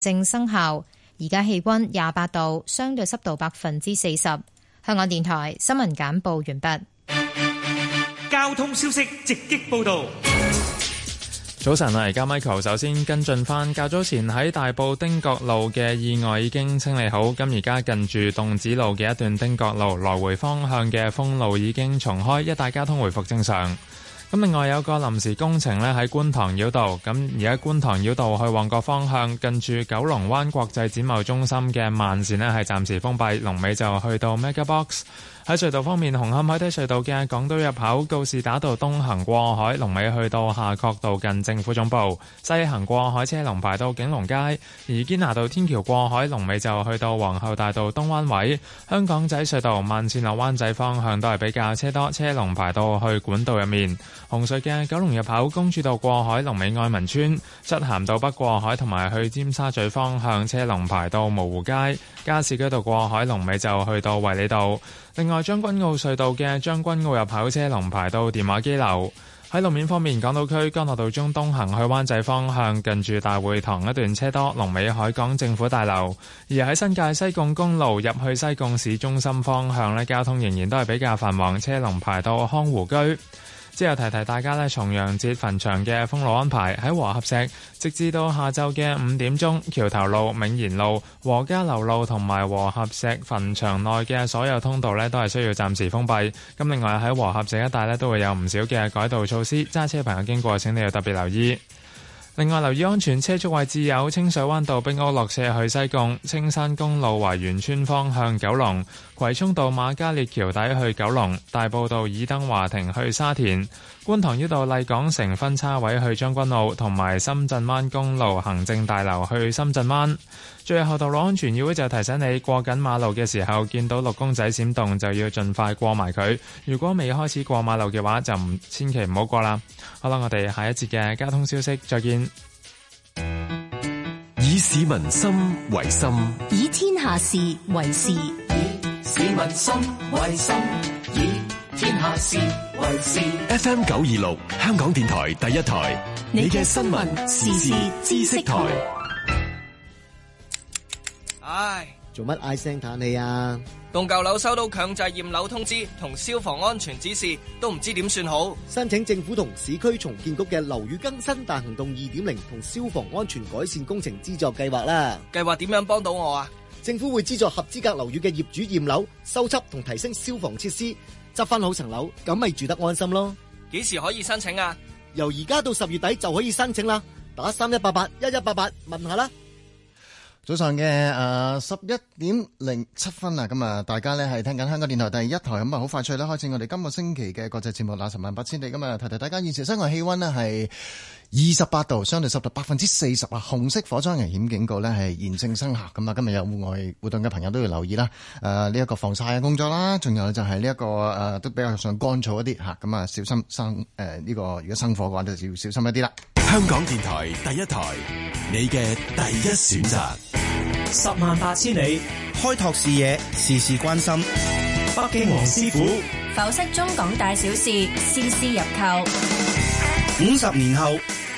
正生效，而家氣溫廿八度，相對濕度百分之四十。香港電台新聞簡報完畢。交通消息直擊報道。早晨啊，而家 Michael，首先跟進翻，較早前喺大埔丁角路嘅意外已經清理好，咁而家近住洞子路嘅一段丁角路來回方向嘅封路已經重開，一帶交通回復正常。咁另外有個臨時工程呢，喺觀塘繞道，咁而家觀塘繞道去旺角方向近住九龍灣國際展貿中心嘅慢線呢係暫時封閉，龍尾就去到 Mega Box。喺隧道方面，紅磡海底隧道嘅港島入口告士打道東行過海，龍尾去到夏慤道近政府總部；西行過海車龍排到景隆街。而堅拿道天橋過海，龍尾就去到皇后大道東彎位。香港仔隧道慢線落灣仔方向都係比較車多，車龍排到去管道入面。紅隧嘅九龍入口公主道過海，龍尾愛民村；漆咸道北過海同埋去尖沙咀方向，車龍排到蕪湖街。加士居道過海，龍尾就去到衛理道。另外將軍澳隧道嘅將軍澳入口車龍排到電話機樓。喺路面方面，港島區干諾道中東行去灣仔方向，近住大會堂一段車多，龍尾海港政府大樓。而喺新界西貢公路入去西貢市中心方向呢，交通仍然都係比較繁忙，車龍排到康湖居。之後提提大家呢，重陽節墳場嘅封路安排。喺和合石，直至到下晝嘅五點鐘，橋頭路、永賢路、和家樓路同埋和合石墳場內嘅所有通道呢都係需要暫時封閉。咁另外喺和合石一帶呢都會有唔少嘅改道措施，揸車朋友經過，請你要特別留意。另外留意安全車速位置有清水灣道、冰歐落社去西貢、青山公路華園村方向九龍。葵涌道馬嘉烈橋底去九龍，大埔道爾登華庭去沙田，觀塘呢度麗港城分叉位去將軍澳，同埋深圳灣公路行政大樓去深圳灣。最後道路安全議會就提醒你，過緊馬路嘅時候見到綠公仔閃動，就要盡快過埋佢。如果未開始過馬路嘅話，就千祈唔好過啦。好啦，我哋下一節嘅交通消息，再見。以市民心為心，以天下事為事。市民心為心，以天下事為事。FM 九二六，香港電台第一台，你嘅新聞時事知識台。唉，做乜唉聲嘆氣啊？棟舊樓收到強制驗樓通知同消防安全指示，都唔知點算好。申請政府同市區重建局嘅樓宇更新大行動二點零同消防安全改善工程資助計劃啦。計劃點樣幫到我啊？政府會資助合資格樓宇嘅業主驗樓、修葺同提升消防設施，執翻好層樓，咁咪住得安心咯。幾時可以申請啊？由而家到十月底就可以申請啦。打三一八八一一八八問下啦。早上嘅誒十一點零七分啦，咁啊大家咧係聽緊香港電台第一台，咁啊好快趣啦，開始我哋今個星期嘅國際節目《那十萬八千里》，咁啊提提大家，現時室外氣溫呢係。二十八度，相對濕度百分之四十啊！紅色火災危險警告咧係現正生效，咁啊，今日有戶外活動嘅朋友都要留意啦。誒、啊，呢、這、一個防曬嘅工作啦，仲有就係呢一個誒、啊，都比較上乾燥一啲吓，咁啊，啊，小心生誒呢、啊這個如果生火嘅話，就要小心一啲啦。香港電台第一台，你嘅第一選擇。十萬八千里，開拓視野，事事關心。北京王師傅，剖析中港大小事，絲絲入扣。五十年後。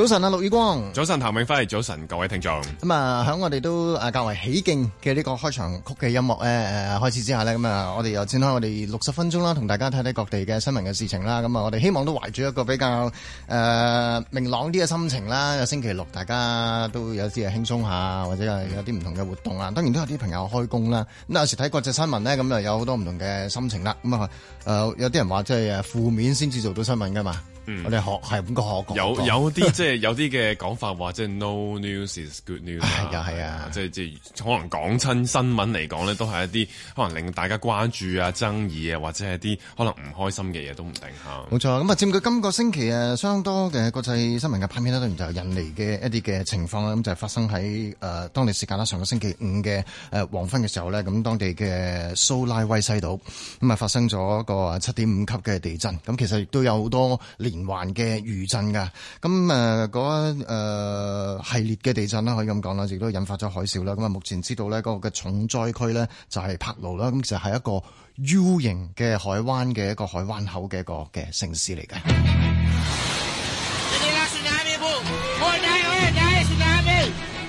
早晨啊，陸宇光！早晨，譚永輝！早晨，各位聽眾。咁啊，喺我哋都誒較為起勁嘅呢個開場曲嘅音樂誒開始之下咧，咁啊，我哋又展開我哋六十分鐘啦，同大家睇睇各地嘅新聞嘅事情啦。咁啊，我哋希望都懷住一個比較誒、呃、明朗啲嘅心情啦。又星期六，大家都有啲嘢輕鬆下，或者係有啲唔同嘅活動啊。當然都有啲朋友開工啦。咁有時睇國際新聞咧，咁又有好多唔同嘅心情啦。咁、呃、啊，誒有啲人話即係誒負面先至做到新聞噶嘛。嗯，我哋學係咁個學講，有、即係、有啲即係有啲嘅講法或即 no news is good news，係啊係啊，即係即係可能講親新聞嚟講咧，都係一啲可能令大家關注啊、爭議啊，或者係一啲可能唔開心嘅嘢都唔定吓。冇錯，咁啊，佔據今個星期啊相當多嘅國際新聞嘅拍片咧，當然就係印尼嘅一啲嘅情況啦。咁就係發生喺誒、呃、當地時間啦，上個星期五嘅誒黃昏嘅時候咧，咁當地嘅蘇拉威西島咁啊發生咗個七點五級嘅地震。咁其實亦都有好多連環嘅餘震噶，咁誒嗰誒系列嘅地震啦，可以咁講啦，亦都引發咗海嘯啦。咁啊，目前知道咧嗰個嘅重災區咧就係柏勞啦，咁就係、是、一個 U 型嘅海灣嘅一個海灣口嘅一個嘅城市嚟嘅。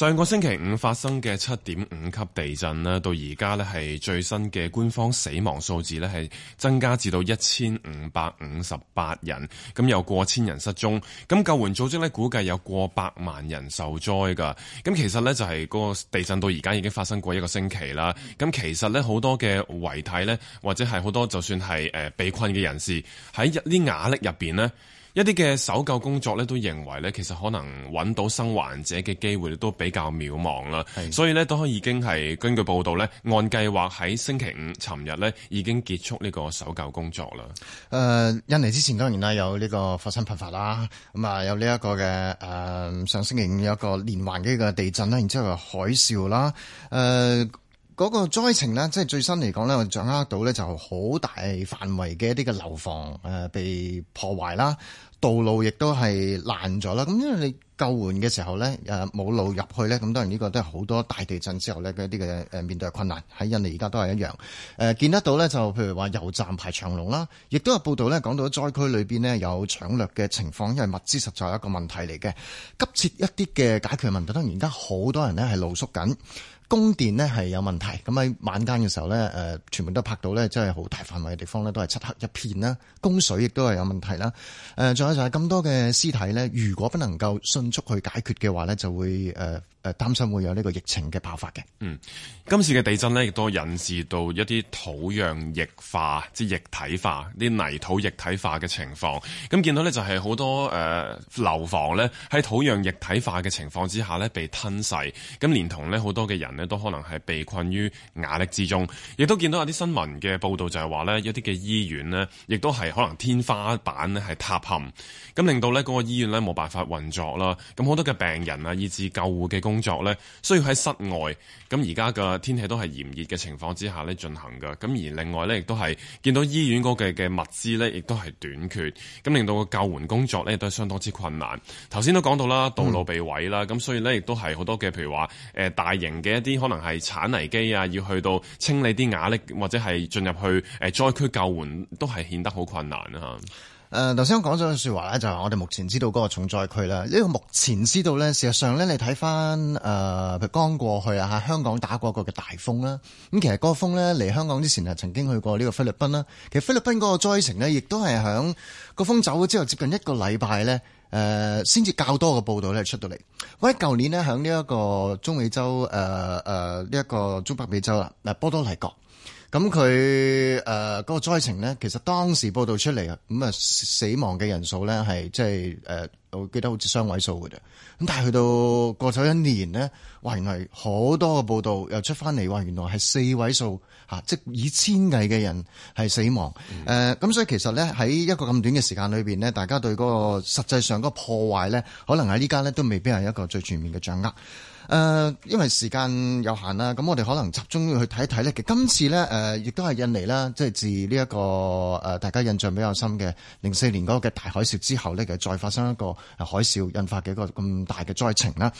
上個星期五發生嘅七點五級地震咧，到而家咧係最新嘅官方死亡數字咧係增加至到一千五百五十八人，咁有過千人失蹤，咁救援組織咧估計有過百萬人受災噶。咁其實呢，就係嗰個地震到而家已經發生過一個星期啦。咁其實呢，好多嘅遺體呢，或者係好多就算係誒被困嘅人士喺啲瓦礫入邊呢。一啲嘅搜救工作咧，都認為咧，其實可能揾到生還者嘅機會都比較渺茫啦。是的 所以咧，都已經係根據報道咧，按計劃喺星期五尋日咧已經結束呢個搜救工作啦。呃，印尼之前當然啦有呢個火山噴發啦，咁啊有呢一個嘅呃，上星期五有一個連環嘅地震啦，然之後海嘯啦，誒、呃。嗰個災情呢，即係最新嚟講呢，我掌握到呢就好大範圍嘅一啲嘅樓房誒被破壞啦，道路亦都係爛咗啦。咁因為你救援嘅時候呢，誒冇路入去呢，咁當然呢個都係好多大地震之後呢嘅一啲嘅誒面對嘅困難。喺印尼而家都係一樣。誒見得到呢，就譬如話油站排長龍啦，亦都有報道呢講到災區裏邊呢有搶掠嘅情況，因為物資實在係一個問題嚟嘅。急切一啲嘅解決問題，當然而家好多人呢係露宿緊。供電呢係有問題，咁喺晚間嘅時候呢，誒、呃、全部都拍到呢，即係好大範圍嘅地方呢都係漆黑一片啦。供水亦都係有問題啦。誒、呃，仲有就係咁多嘅屍體呢，如果不能夠迅速去解決嘅話呢就會誒，呃誒，擔心會有呢個疫情嘅爆發嘅。嗯，今次嘅地震咧，亦都引致到一啲土壤液化，即係液體化，啲泥土液體化嘅情況。咁見到咧就係好多誒、呃、樓房咧喺土壤液體化嘅情況之下咧被吞噬，咁連同咧好多嘅人咧都可能係被困於瓦礫之中。亦都見到有啲新聞嘅報道就係話咧一啲嘅醫院咧，亦都係可能天花板咧係塌陷，咁令到咧嗰個醫院咧冇辦法運作啦。咁好多嘅病人啊，以致救護嘅工作呢，需要喺室外，咁而家嘅天氣都係炎熱嘅情況之下呢進行嘅。咁而另外呢，亦都係見到醫院嗰嘅物資呢，亦都係短缺，咁令到個救援工作呢，亦都係相當之困難。頭先都講到啦，道路被毀啦，咁、嗯、所以呢，亦都係好多嘅，譬如話誒大型嘅一啲可能係鏟泥機啊，要去到清理啲瓦礫或者係進入去誒災區救援，都係顯得好困難啊！誒頭先講咗句說話咧，就係我哋目前知道嗰個重災區啦。因為目前知道咧，事實上咧，你睇翻、呃、譬如剛過去啊香港打過個嘅大風啦。咁其實嗰個風咧嚟香港之前啊，曾經去過呢個菲律賓啦。其實菲律賓嗰個災情呢，亦都係響個風走咗之後，接近一個禮拜咧，誒先至較多嘅報道咧出到嚟。我喺舊年呢，響呢一個中美洲誒誒呢一個中北美洲啦，嗱、啊、波多黎各。咁佢誒嗰個災情呢，其實當時報道出嚟啊，咁啊死亡嘅人數呢，係即係誒，我記得好似雙位數嘅啫。咁但係去到過咗一年呢，話原來好多個報道又出翻嚟，話原來係四位數吓，即以千計嘅人係死亡。誒咁、嗯呃、所以其實呢，喺一個咁短嘅時間裏邊呢，大家對嗰個實際上嗰個破壞呢，可能喺呢家呢，都未必係一個最全面嘅掌握。誒、呃，因為時間有限啦，咁我哋可能集中要去睇一睇咧。其實今次咧，誒、呃、亦都係印尼啦，即係自呢、這、一個誒、呃、大家印象比較深嘅零四年嗰個嘅大海嘯之後咧，其實再發生一個海嘯引發嘅一個咁大嘅災情啦。誒、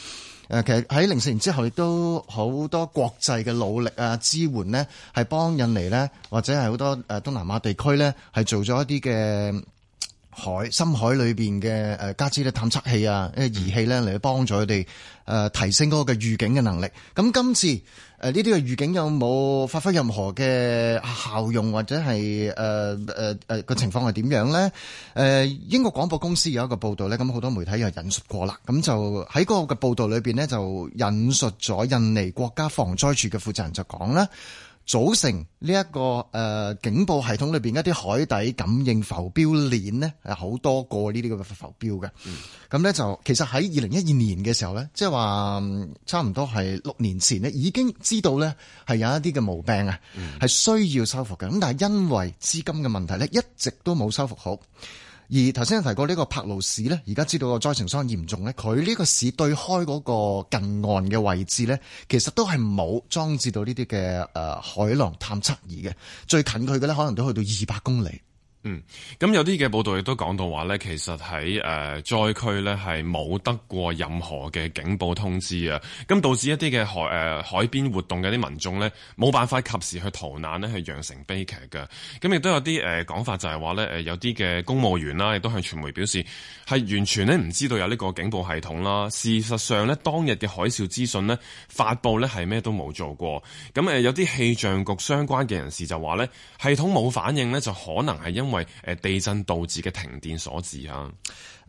呃，其實喺零四年之後，亦都好多國際嘅努力啊、支援呢，係幫印尼呢，或者係好多誒東南亞地區呢，係做咗一啲嘅。海深海裏邊嘅誒，加之咧探測器啊，一儀器咧嚟去幫助佢哋誒提升嗰個嘅預警嘅能力。咁今次誒呢啲嘅預警有冇發揮任何嘅效用，或者係誒誒誒個情況係點樣咧？誒、呃、英國廣播公司有一個報導咧，咁好多媒體又引述過啦。咁就喺嗰個嘅報導裏邊咧，就引述咗印尼國家防災處嘅負責人就講啦。組成呢、這、一個誒、呃、警報系統裏邊一啲海底感應浮標鏈咧，係好多個呢啲嘅浮標嘅。咁咧就其實喺二零一二年嘅時候咧，即係話差唔多係六年前呢，已經知道咧係有一啲嘅毛病啊，係需要修復嘅。咁、嗯、但係因為資金嘅問題咧，一直都冇修復好。而頭先提過呢個柏勞市咧，而家知道個災情相當嚴重咧，佢呢個市對開嗰個近岸嘅位置咧，其實都係冇裝置到呢啲嘅誒海浪探測儀嘅，最近佢嘅咧可能都去到二百公里。嗯，咁有啲嘅報道亦都講到話呢，其實喺誒災區呢係冇得過任何嘅警報通知啊，咁導致一啲嘅海誒、呃、海邊活動嘅啲民眾呢，冇辦法及時去逃難呢，去釀成悲劇嘅。咁亦都有啲誒講法就係話呢，誒有啲嘅公務員啦，亦都向傳媒表示係完全呢，唔知道有呢個警報系統啦。事實上呢，當日嘅海嘯資訊呢，發布呢係咩都冇做過。咁誒有啲氣象局相關嘅人士就話呢，系統冇反應呢，就可能係因為。因為誒地震導致嘅停電所致啊。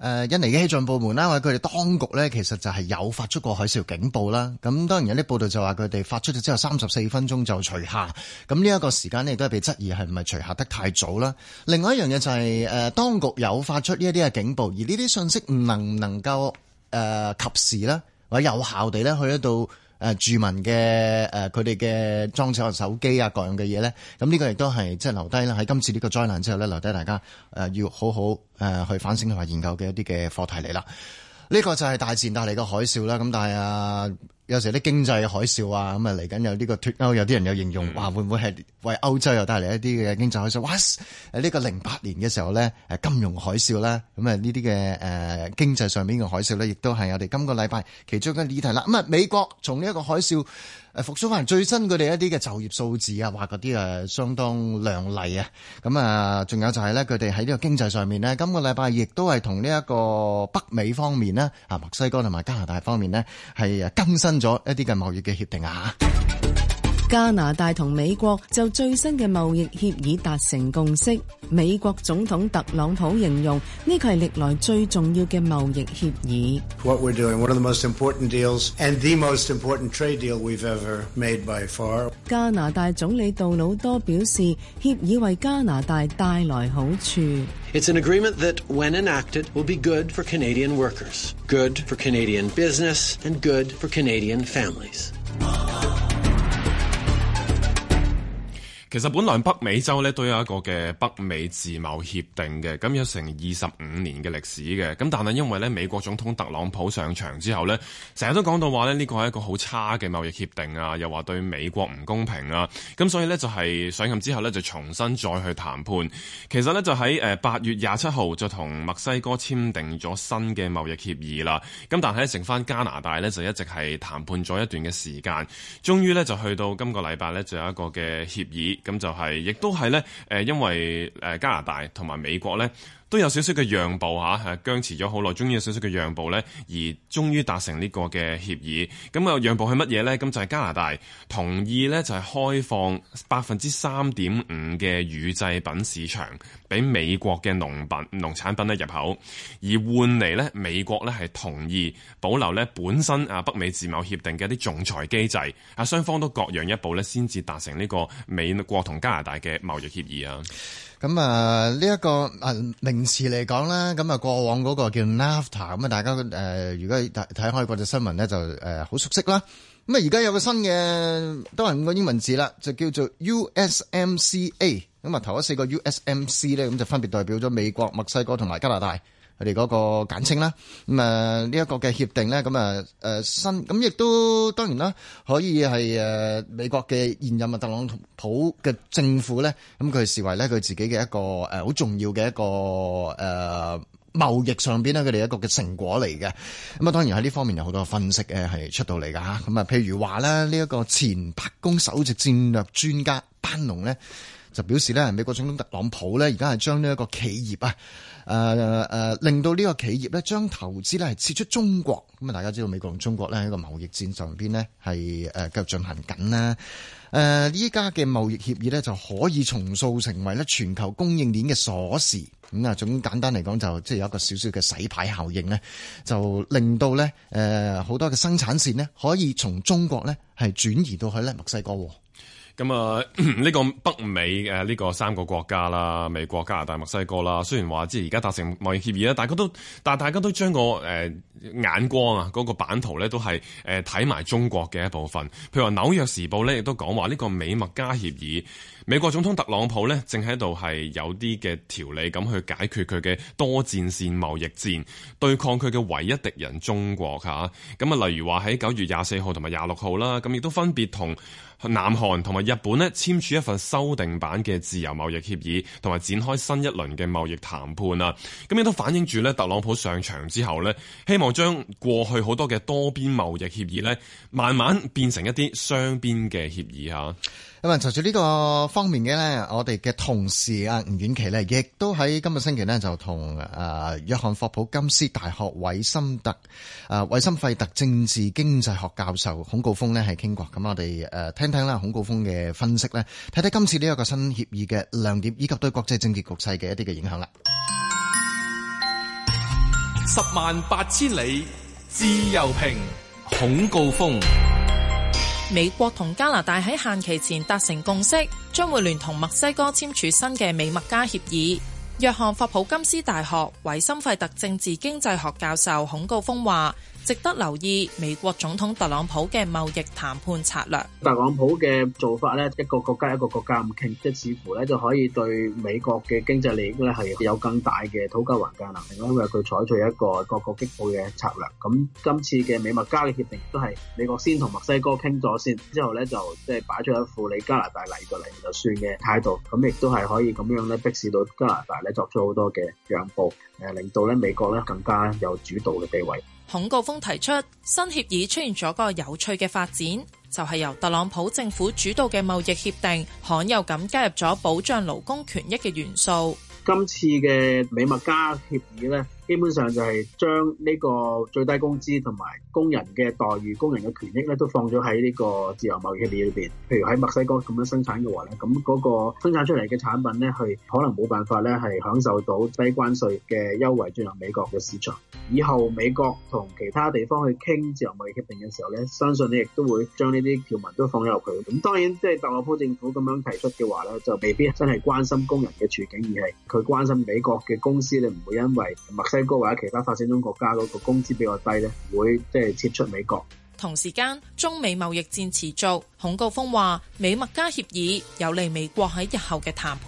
誒，印尼嘅氣象部門啦，或者佢哋當局咧，其實就係有發出過海嘯警報啦。咁當然有啲報道就話佢哋發出咗之後三十四分鐘就除下，咁呢一個時間咧，亦都係被質疑係唔係除下得太早啦。另外一樣嘢就係誒，當局有發出呢一啲嘅警報，而呢啲信息唔能能夠誒及時咧，或者有效地咧去得到誒住民嘅誒佢哋嘅裝置手機啊各樣嘅嘢咧，咁、這、呢個亦都係即係留低啦。喺今次呢個災難之後咧，留低大家誒、呃、要好好誒、呃、去反省同埋研究嘅一啲嘅課題嚟啦。呢、這個就係大自然帶嚟嘅海嘯啦。咁但係啊～有時啲經濟海嘯啊，咁啊嚟緊有呢個脫歐，有啲人有形容話，嗯，會唔會係為歐洲又帶嚟一啲嘅經濟海嘯？哇！誒，這，呢個零八年嘅時候咧，金融海嘯啦，咁啊呢啲嘅誒經濟上面嘅海嘯咧，亦都係我哋今個禮拜其中嘅議題啦。咁啊美國從呢一個海嘯誒，啊，復甦翻，最新佢哋一啲嘅就業數字啊，話嗰啲啊相當亮麗啊。咁啊，仲有就係咧佢哋喺呢個經濟上面咧，今個禮拜亦都係同呢一個北美方面呢，啊墨西哥同埋加拿大方面咧係更新。咗一啲嘅貿易嘅協定啊！加拿大同美國就最新嘅貿易協議達成共識。美國總統特朗普形容呢個係歷來最重要嘅貿易協議。What we're doing, one of the most important deals, and the most important trade deal we've ever made by far. 加拿大總理杜魯多表示，協議為加拿大帶來好處。It's an agreement that when enacted will be good for Canadian workers, good for Canadian business, and good for Canadian families. 其實本來北美洲咧都有一個嘅北美自貿協定嘅，咁有成二十五年嘅歷史嘅。咁但係因為咧美國總統特朗普上場之後呢成日都講到話咧呢個係一個好差嘅貿易協定啊，又話對美國唔公平啊。咁所以呢，就係上任之後呢，就重新再去談判。其實呢，就喺誒八月廿七號就同墨西哥簽訂咗新嘅貿易協議啦。咁但係剩返加拿大呢，就一直係談判咗一段嘅時間，終於呢，就去到今個禮拜呢，就有一個嘅協議。咁就係、是，亦都係咧，誒，因為誒，加拿大同埋美國咧。都有少少嘅讓步嚇，係僵持咗好耐，終於有少少嘅讓步咧，而終於達成呢個嘅協議。咁啊，讓步係乜嘢呢？咁就係加拿大同意呢就係開放百分之三點五嘅乳製品市場俾美國嘅農品、農產品咧入口，而換嚟呢美國呢係同意保留呢本身啊北美自貿協定嘅啲仲裁機制。啊，雙方都各讓一步呢先至達成呢個美國同加拿大嘅貿易協議啊。咁啊，呢、這個、一個啊名詞嚟講啦，咁啊過往嗰個叫 NAFTA，咁啊大家誒如果睇睇開嗰隻新聞咧就誒好熟悉啦。咁啊而家有個新嘅都係五個英文字啦，就叫做 USMCA，咁啊頭嗰四個 USMC 咧，咁就分別代表咗美國、墨西哥同埋加拿大。佢哋嗰個簡稱啦，咁啊呢一個嘅協定咧，咁啊誒新，咁亦都當然啦，可以係誒美國嘅現任啊特朗普嘅政府咧，咁佢視為咧佢自己嘅一個誒好重要嘅一個誒貿易上邊咧佢哋一個嘅成果嚟嘅，咁啊當然喺呢方面有好多分析咧係出到嚟噶嚇，咁啊譬如話咧呢一個前白宮首席戰略專家班農咧就表示咧美國總統特朗普咧而家係將呢一個企業啊。誒誒，令到呢個企業咧，將投資咧係撤出中國。咁啊，大家知道美國同中國咧喺個貿易戰上邊呢係誒繼續進行緊啦。誒，依家嘅貿易協議咧就可以重塑成為咧全球供應鏈嘅鎖匙。咁啊，總簡單嚟講就即係有一個少少嘅洗牌效應咧，就令到咧誒好多嘅生產線呢可以從中國咧係轉移到去咧墨西哥。咁、嗯、啊、呢、這個北美嘅呢、啊這個三個國家啦，美國、加拿大、墨西哥啦，雖然話即係而家達成貿易協議啦，大家都，但係大家都將個誒、呃、眼光啊、嗰、那個版圖咧都係誒睇埋中國嘅一部分。譬如話《紐約時報》呢咧，亦都講話呢個美墨加協議。美國總統特朗普呢，正喺度係有啲嘅條理咁去解決佢嘅多戰線貿易戰，對抗佢嘅唯一敵人中國嚇。咁啊，例如話喺九月廿四號同埋廿六號啦，咁亦都分別同南韓同埋日本呢簽署一份修訂版嘅自由貿易協議，同埋展開新一輪嘅貿易談判啊。咁亦都反映住呢，特朗普上場之後呢，希望將過去好多嘅多邊貿易協議呢，慢慢變成一啲雙邊嘅協議嚇。咁啊，隨住呢個方面嘅咧，我哋嘅同事啊，吳婉琪咧，亦都喺今日星期咧就同啊、呃、約翰霍普金斯大學韋森特啊韋森費特政治經濟學教授孔高峰咧係傾過，咁我哋誒、呃、聽聽啦孔高峰嘅分析咧，睇睇今次呢一個新協議嘅亮點，以及對國際政治局勢嘅一啲嘅影響啦。十萬八千里自由評，孔高峰。美國同加拿大喺限期前達成共識，將會聯同墨西哥簽署新嘅美墨加協議。約翰霍普金斯大學維森費特政治經濟學教授孔高峰話。值得留意美國總統特朗普嘅貿易談判策略。特朗普嘅做法，一個國家，一個國家，咁傾，即係似乎，就可以對美國嘅經濟利益係有更大嘅討價還價能力。因為佢採取一個各個擊破嘅策略。今次嘅美墨加嘅協定，都係美國先同墨西哥傾咗先，之後呢就擺出一副你加拿大嚟過嚟就算嘅態度。亦都係可以咁樣逼使到加拿大作出好多嘅讓步，令到美國更加有主導嘅地位。孔高峰提出，新協議出現咗個有趣嘅發展，就係、是、由特朗普政府主導嘅貿易協定，罕有咁加入咗保障勞工權益嘅元素。今次嘅美墨加協議呢。基本上就係將呢個最低工資同埋工人嘅待遇、工人嘅權益咧，都放咗喺呢個自由貿易協議裏面。譬如喺墨西哥咁樣生產嘅話咧，咁嗰個生產出嚟嘅產品咧，係可能冇辦法咧係享受到低關稅嘅優惠，進入美國嘅市場。以後美國同其他地方去傾自由貿易協定嘅時候咧，相信你亦都會將呢啲條文都放入去。咁當然即係特朗普政府咁樣提出嘅話咧，就未必真係關心工人嘅處境，而係佢關心美國嘅公司，你唔會因為墨西哥，高或者其他發展中國家嗰個工資比較低咧，會即係撤出美國。同時間，中美貿易戰持續。孔誥烽話：美墨加協議有利美國喺日後嘅談判。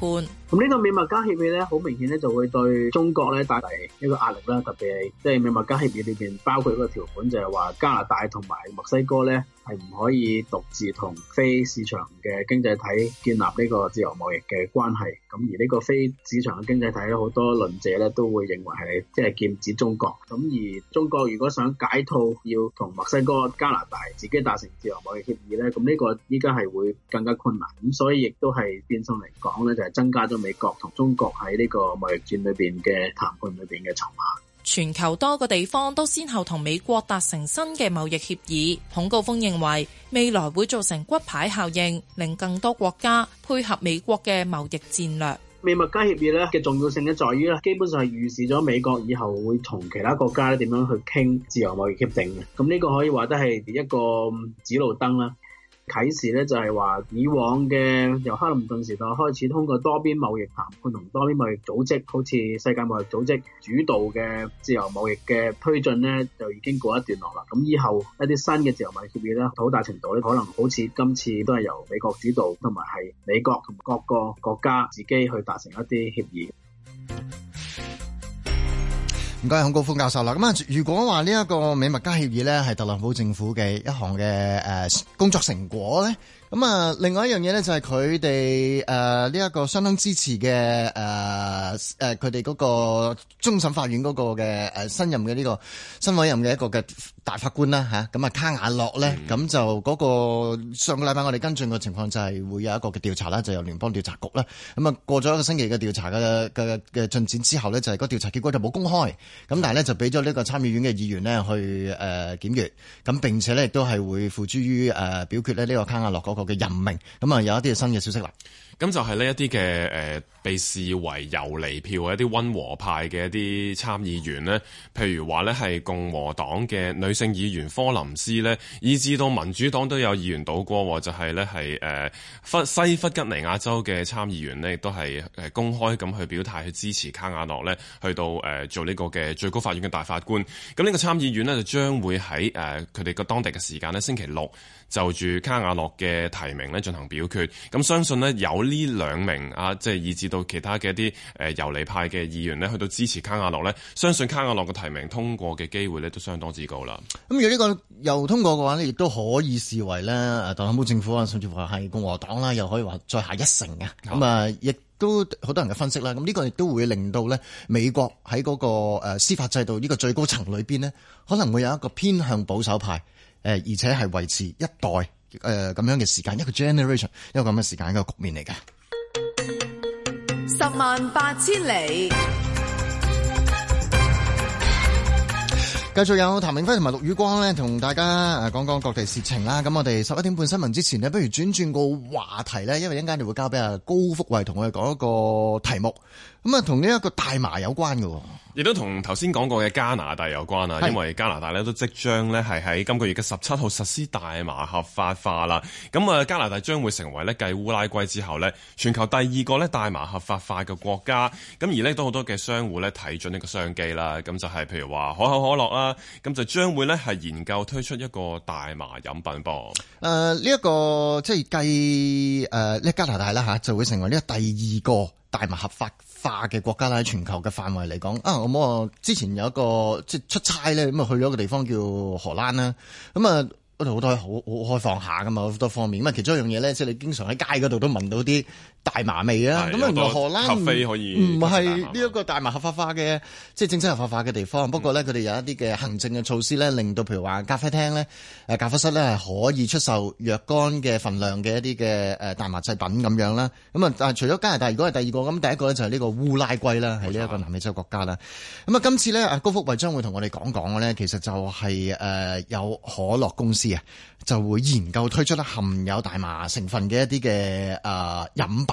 咁呢個美墨加協議咧，好明顯咧就會對中國咧帶嚟一個壓力啦。特別係即係美墨加協議裏邊包括一個條款，就係話加拿大同埋墨西哥咧係唔可以獨自同非市場嘅經濟體建立呢個自由貿易嘅關係。咁而呢個非市場嘅經濟體咧，好多論者咧都會認為係即係劍指中國。咁而中國如果想解套，要同墨西哥、加拿大自己達成自由貿易協議咧，咁呢個。依家係會更加困難，咁所以亦都係變相嚟講咧，就係、是、增加咗美國同中國喺呢個貿易戰裏邊嘅談判裏邊嘅籌碼。全球多個地方都先後同美國達成新嘅貿易協議，孔高峰認為未來會造成骨牌效應，令更多國家配合美國嘅貿易戰略。美墨加協議咧嘅重要性咧，在於咧，基本上係預示咗美國以後會同其他國家咧點樣去傾自由貿易協定嘅。咁呢個可以話得係一個指路燈啦。啟示咧就係話，以往嘅由克林頓時代開始，通過多邊貿易談判同多邊貿易組織，好似世界貿易組織主導嘅自由貿易嘅推進咧，就已經過一段落啦。咁以後一啲新嘅自由貿易協議咧，好大程度咧可能好似今次都係由美國主導，同埋係美國同各個國家自己去達成一啲協議。.唔該，孔高峯教授啦。咁啊，如果話呢一個美墨加協議咧，係特朗普政府嘅一項嘅誒工作成果咧？咁啊，另外一樣嘢咧就係佢哋誒呢一個相當支持嘅誒誒佢哋個終審法院個嘅誒新任嘅呢，這個新委任嘅一個嘅大法官啦吓，咁啊卡瓦諾咧，咁，嗯、就，那個上個禮拜我哋跟進嘅情況就係會有一個嘅調查啦，就由，是，聯邦調查局啦，咁啊過咗一個星期嘅調查嘅嘅嘅進展之後咧，就係，是，個調查結果就冇公開，咁但係咧是的 就俾咗呢個參議院嘅議員咧去誒檢閱，咁並且咧亦都係會付諸於誒表決咧呢個卡瓦諾，那個嘅任命，咁啊有一啲新嘅消息啦。咁就係呢一啲嘅誒被視為遊離票一啲溫和派嘅一啲參議員呢，譬如話呢係共和黨嘅女性議員科林斯呢，以至到民主黨都有議員倒過，就係呢係誒西弗吉尼亞州嘅參議員呢亦都係公開咁去表態去支持卡瓦諾呢去到誒做呢個嘅最高法院嘅大法官。咁呢個參議員呢，就將會喺誒佢哋個當地嘅時間呢星期六就住卡瓦諾嘅提名呢進行表決。咁相信呢有。呢兩名啊，即係以至到其他嘅一啲誒游離派嘅議員呢去到支持卡瓦諾呢，相信卡瓦諾嘅提名通過嘅機會呢都相當之高啦。咁如果呢個又通過嘅話呢亦都可以視為呢特朗普政府啊，甚至乎係共和黨啦，又可以話再下一城啊。咁啊，亦都好多人嘅分析啦。咁、這、呢個亦都會令到呢美國喺嗰個司法制度呢個最高層裏邊呢，可能會有一個偏向保守派，而且係維持一代。誒，咁樣嘅時間，一個 generation，一個咁嘅時間一個局面嚟㗎。十萬八千里，繼續有譚明輝同埋陸宇光咧，同大家誒講講各地事情啦。咁我哋十一點半新聞之前呢不如轉轉個話題咧，因為一陣間就會交俾阿高福慧同我哋講一個題目。咁啊，同呢一個大麻有關嘅，亦都同頭先講過嘅加拿大有關啊。因為加拿大咧都即將咧係喺今個月嘅十七號實施大麻合法化啦。咁啊，加拿大將會成為咧繼烏拉圭之後咧全球第二個咧大麻合法化嘅國家。咁而呢都好多嘅商戶咧睇準呢個商機啦。咁就係譬如話可口可樂啦，咁就將會咧係研究推出一個大麻飲品噃，呃這個。誒，呢一個即係繼誒呢加拿大啦吓，就會成為呢個第二個大麻合法。化嘅國家啦，喺全球嘅範圍嚟講啊，我冇啊，之前有一個即係出差咧，咁啊去咗一個地方叫荷蘭啦，咁啊，嗰度好多好好開放下噶嘛，好多方面。咁啊，其中一樣嘢咧，即係你經常喺街嗰度都聞到啲大麻味啊！咁是原來荷蘭唔係呢一個大麻合法化嘅，即係正式合法化嘅地方。不過咧，佢哋有一啲嘅行政嘅措施咧，令到譬如話咖啡廳咧、誒咖啡室咧係可以出售若干嘅份量嘅一啲嘅誒大麻製品咁樣啦。咁啊，但係除咗加拿大，如果係第二個，咁第一個咧就係呢個烏拉圭啦，係呢一個南美洲國家啦。咁啊、嗯，今次咧，高福衛將會同我哋講講嘅咧，其實就係、是、誒、呃、有可樂公司啊，就會研究推出咧含有大麻成分嘅一啲嘅誒飲品。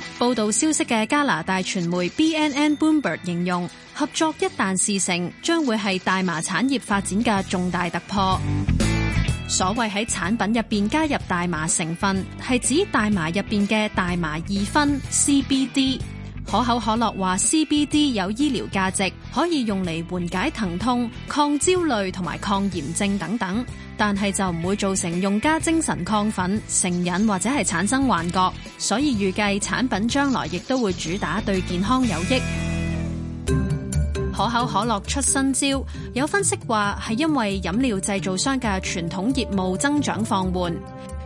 報道消息嘅加拿大傳媒 BNN Bloomberg 形容合作一旦事成，將會係大麻產業發展嘅重大突破。所謂喺產品入邊加入大麻成分，係指大麻入邊嘅大麻二酚 C B D。CBD 可口可樂話 CBD 有醫療價值，可以用嚟緩解疼痛、抗焦慮同埋抗炎症等等，但係就唔會造成用家精神亢奮、成癮或者係產生幻覺，所以預計產品將來亦都會主打對健康有益。可口可樂出新招，有分析話係因為飲料製造商嘅傳統業務增長放緩，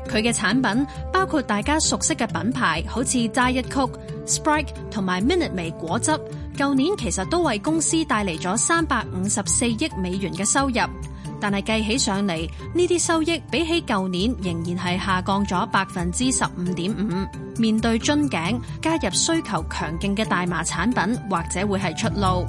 佢嘅產品包括大家熟悉嘅品牌，好似 Diet Coke。Sprite 同埋 Minute Maid 果汁，舊年其實都為公司帶嚟咗三百五十四億美元嘅收入，但係計起上嚟，呢啲收益比起舊年仍然係下降咗百分之十五點五。面對樽頸，加入需求強勁嘅大麻產品，或者會係出路。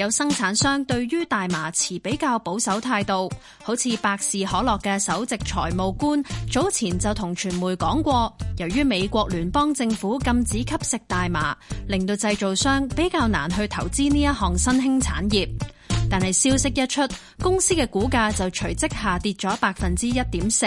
有生產商對於大麻持比較保守態度，好似百事可樂嘅首席財務官早前就同傳媒講過，由於美國聯邦政府禁止吸食大麻，令到製造商比較難去投資呢一項新興產業。但係消息一出，公司嘅股價就隨即下跌咗百分之一點四。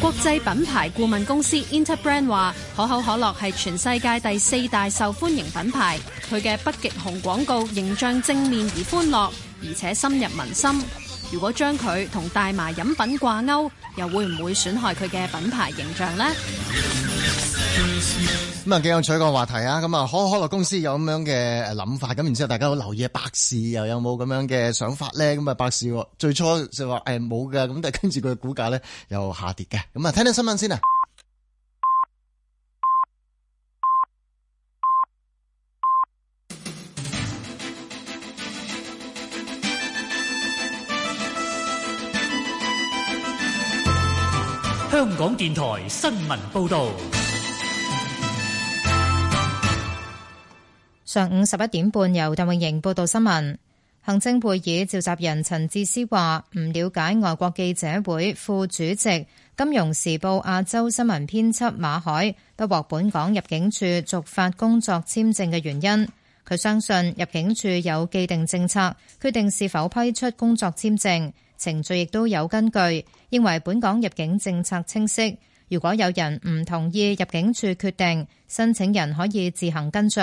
國際品牌顧問公司 Interbrand 話：可口可樂係全世界第四大受歡迎品牌，佢嘅北極熊廣告形象正面而歡樂，而且深入民心。如果將佢同大麻飲品掛鈎，又會唔會損害佢嘅品牌形象呢？咁啊，幾有趣個話題啊！咁啊，可口可樂公司有咁樣嘅諗法，咁然之後大家好留意百事又有冇咁樣嘅想法咧？咁啊，百事最初就話誒冇㗎。咁但係跟住佢嘅股價咧又下跌嘅。咁啊，聽聽新聞先啊！香港電台新聞報道。上午十一點半，由鄧穎瑩報道新聞。行政會議召集人陳智思話，唔了解外國記者會副主席、《金融時報》亞洲新聞編輯馬海不獲本港入境處續發工作簽證嘅原因。佢相信入境處有既定政策，決定是否批出工作簽證，程序亦都有根據。認為本港入境政策清晰，如果有人唔同意入境處決定，申請人可以自行跟進。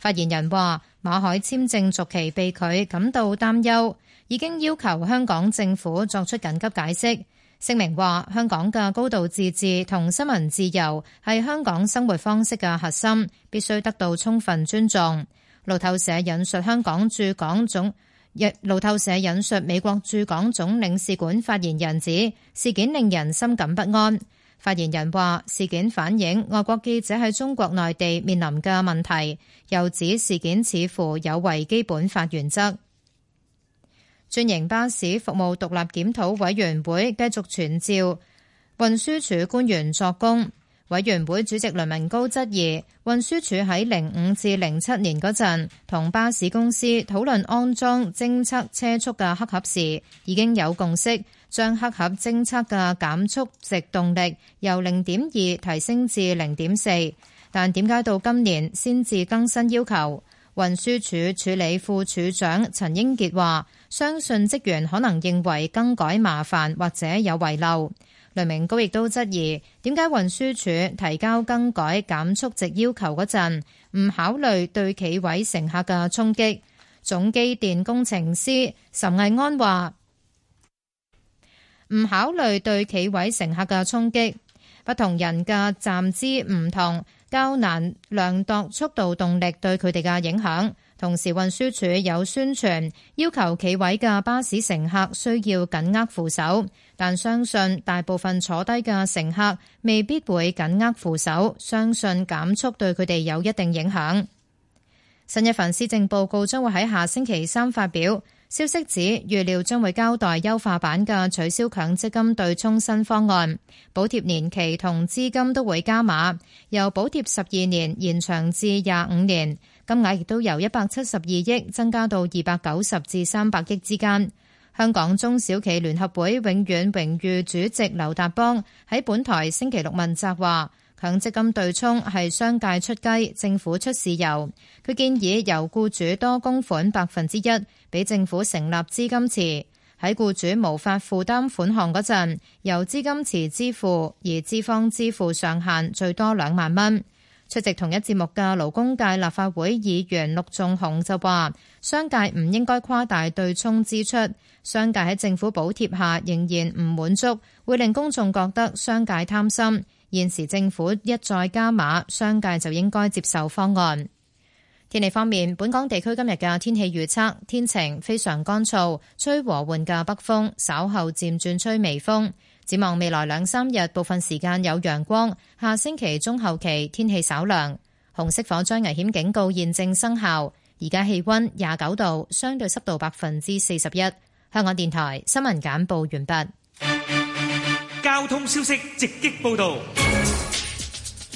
發言人話：馬海簽證續期被拒感到擔憂，已經要求香港政府作出緊急解釋。聲明話：香港嘅高度自治同新聞自由係香港生活方式嘅核心，必須得到充分尊重。路透社引述香港駐港總路透社引述美國駐港總領事館發言人指，事件令人心感不安。發言人話：事件反映外國記者喺中國內地面臨嘅問題，又指事件似乎有違基本法原則。專營巴士服務獨立檢討委員會繼續傳召運輸署官員作供。委員會主席倫明高質疑運輸署喺零五至零七年嗰陣同巴士公司討論安裝偵測車速嘅黑盒時，已經有共識。將黑盒偵測嘅減速值動力由零點二提升至零點四，但點解到今年先至更新要求？運輸署處理副署長陳英傑話：相信職員可能認為更改麻煩或者有遺漏。雷明高亦都質疑點解運輸署提交更改減速值要求嗰陣唔考慮對企位乘客嘅衝擊。總機電工程師岑毅安話。唔考慮對企位乘客嘅衝擊，不同人嘅站姿唔同，較難量度速度動力對佢哋嘅影響。同時，運輸署有宣傳，要求企位嘅巴士乘客需要緊握扶手，但相信大部分坐低嘅乘客未必會緊握扶手，相信減速對佢哋有一定影響。新一份施政報告將會喺下星期三發表。消息指，預料將會交代優化版嘅取消強積金對沖新方案，補貼年期同資金都會加碼，由補貼十二年延長至廿五年，金額亦都由一百七十二億增加到二百九十至三百億之間。香港中小企聯合會永遠榮譽主席劉達邦喺本台星期六問責話。強積金對沖係商界出雞，政府出豉油。佢建議由雇主多供款百分之一，俾政府成立資金池，喺雇主無法負擔款項嗰陣，由資金池支付，而資方支付上限最多兩萬蚊。出席同一節目嘅勞工界立法會議員陸仲雄就話：商界唔應該誇大對沖支出，商界喺政府補貼下仍然唔滿足，會令公眾覺得商界貪心。現時政府一再加碼，商界就應該接受方案。天氣方面，本港地區今日嘅天氣預測：天晴，非常乾燥，吹和緩嘅北風，稍後漸轉吹微風。展望未來兩三日，部分時間有陽光。下星期中後期天氣稍涼。紅色火災危險警告現正生效。而家氣温廿九度，相對濕度百分之四十一。香港電台新聞簡報完畢。交通消息直擊報導。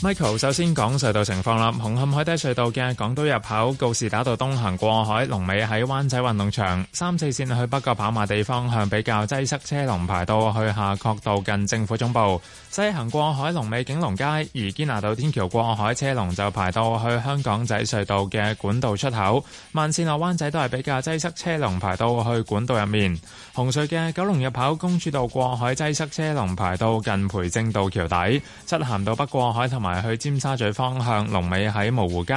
Michael，首先講隧道情況啦。紅磡海底隧道嘅港島入口告士打道東行過海龍尾喺灣仔運動場，三四線去北角跑馬地方向比較擠塞，車龍排到去夏慤道近政府總部。西行過海龍尾景隆街，而堅拿道天橋過海車龍就排到去香港仔隧道嘅管道出口。慢線落灣仔都係比較擠塞，車龍排到去管道入面。紅隧嘅九龍入口公主道過海擠塞，車龍排到近培正道橋底。漆咸道北過海同埋，去尖沙咀方向，龍尾喺蕪湖街；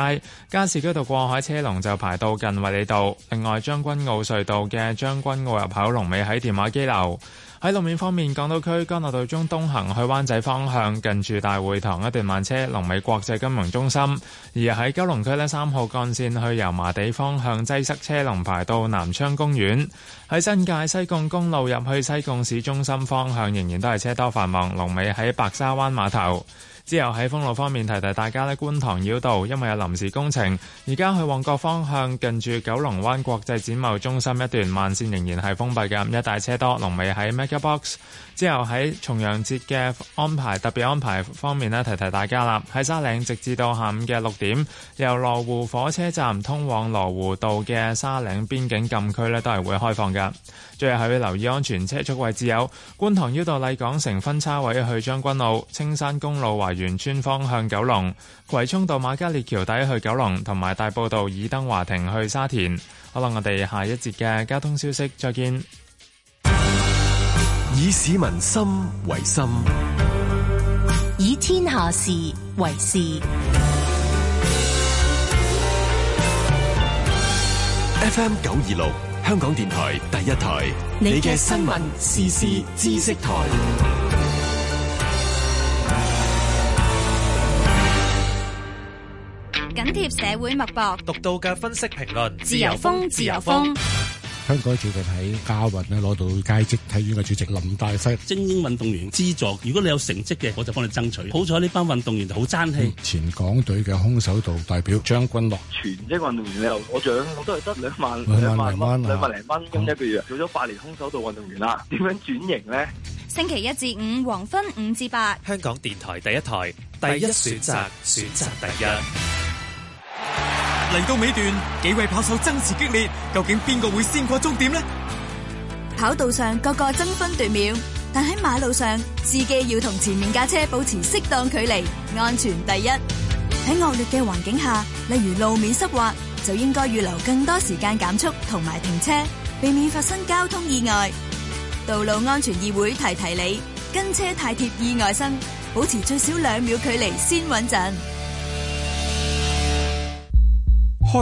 加士居道過海車龍就排到近衞理道。另外，將軍澳隧道嘅將軍澳入口龍尾喺電話機樓。喺路面方面，港島區干諾道中東行去灣仔方向，近住大會堂一段慢車，龍尾國際金融中心。而喺九龍區呢，三號幹線去油麻地方向擠塞車龍排到南昌公園。喺新界西貢公路入去西貢市中心方向，仍然都係車多繁忙，龍尾喺白沙灣碼頭。之後喺封路方面提提大家，觀塘繞道，因為有臨時工程，而家去旺角方向近住九龍灣國際展貿中心一段慢線仍然係封閉嘅，一大車多，龍尾喺 MegaBox。之後喺重陽節嘅安排特別安排方面提提大家啦，喺沙嶺直至到下午嘅六點，由羅湖火車站通往羅湖道嘅沙嶺邊境禁區都係會開放嘅。最後係要留意安全車速位置有觀塘繞道麗港城分叉位去將軍澳、青山公路、華元村方向九龍葵涌道瑪嘉烈橋底去九龍，同埋大埔道爾登華庭去沙田。好啦，我哋下一節嘅交通消息，再見。以市民心為心，以天下事為事。FM 九二六，香港電台第一台，你嘅新聞時事知識台。緊貼社會脈搏，獨到嘅分析評論，自由風，自由風。香港最近喺家運咧攞到佳績，體院嘅主席林大輝精英運動員資助。如果你有成績嘅，我就幫你爭取。好彩呢班運動員就好爭氣、嗯。前港隊嘅空手道代表張君樂，全職運動員你又我獎都係得兩萬兩萬蚊，兩萬零蚊咁一個月。嗯、做咗八年空手道運動員啦，點樣轉型呢？星期一至五黃昏五至八，香港電台第一台，第一選擇，選擇第一。嚟到尾段，幾位跑手爭持激烈，究竟邊個會先過終點呢？跑道上個個爭分奪秒，但喺馬路上，司機要同前面架車保持適當距離，安全第一。喺惡劣嘅環境下，例如路面濕滑，就應該預留更多時間減速同埋停車，避免發生交通意外。道路安全議會提提你，跟車太貼，意外身，保持最少兩秒距離先穩陣。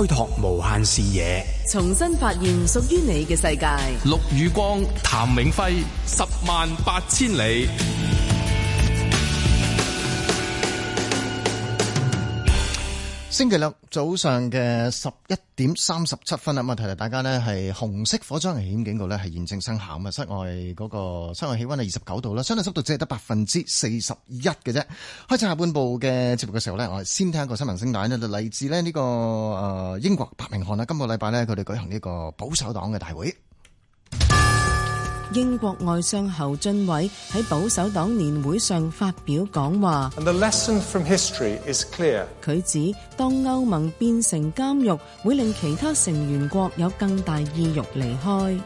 開拓無限視野，重新發現屬於你嘅世界。陸宇光、譚永輝，十萬八千里星期六早上嘅十一點三十七分啦，問題係大家呢係紅色火災危險警告呢係現正生效啊，室外嗰、那個室外氣溫係二十九度啦，相對濕度只係得百分之四十一嘅啫。開始下半部嘅節目嘅時候呢，我哋先聽一個新聞聲帶呢就嚟自咧呢個誒英國伯明翰啦，今個禮拜呢，佢哋舉行呢個保守黨嘅大會。英國外相侯俊偉喺保守黨年會上發表講話，佢指當歐盟變成監獄，會令其他成員國有更大意欲離開。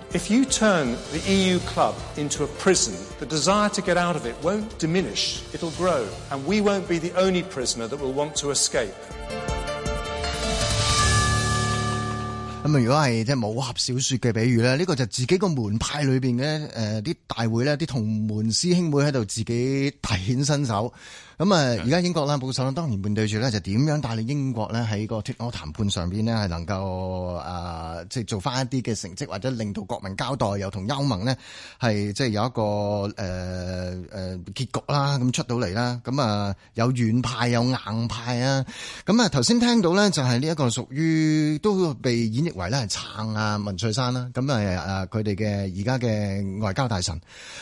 咁啊，如果係即係武俠小說嘅比喻咧，呢、這個就自己個門派裏邊嘅誒，啲大會咧，啲同門師兄妹喺度自己大顯身手。咁啊，而家英國啦，保守黨，當然面對住咧就點樣帶領英國咧喺個脱歐談判上邊呢，係能夠啊，即係做翻一啲嘅成績，或者令到國民交代，又同歐盟呢，係即係有一個誒誒結局啦，咁出到嚟啦。咁啊有軟派有硬派啊。咁啊頭先聽到呢，就係呢一個屬於都被演繹為咧係撐啊文翠山啦。咁啊啊佢哋嘅而家嘅外交大臣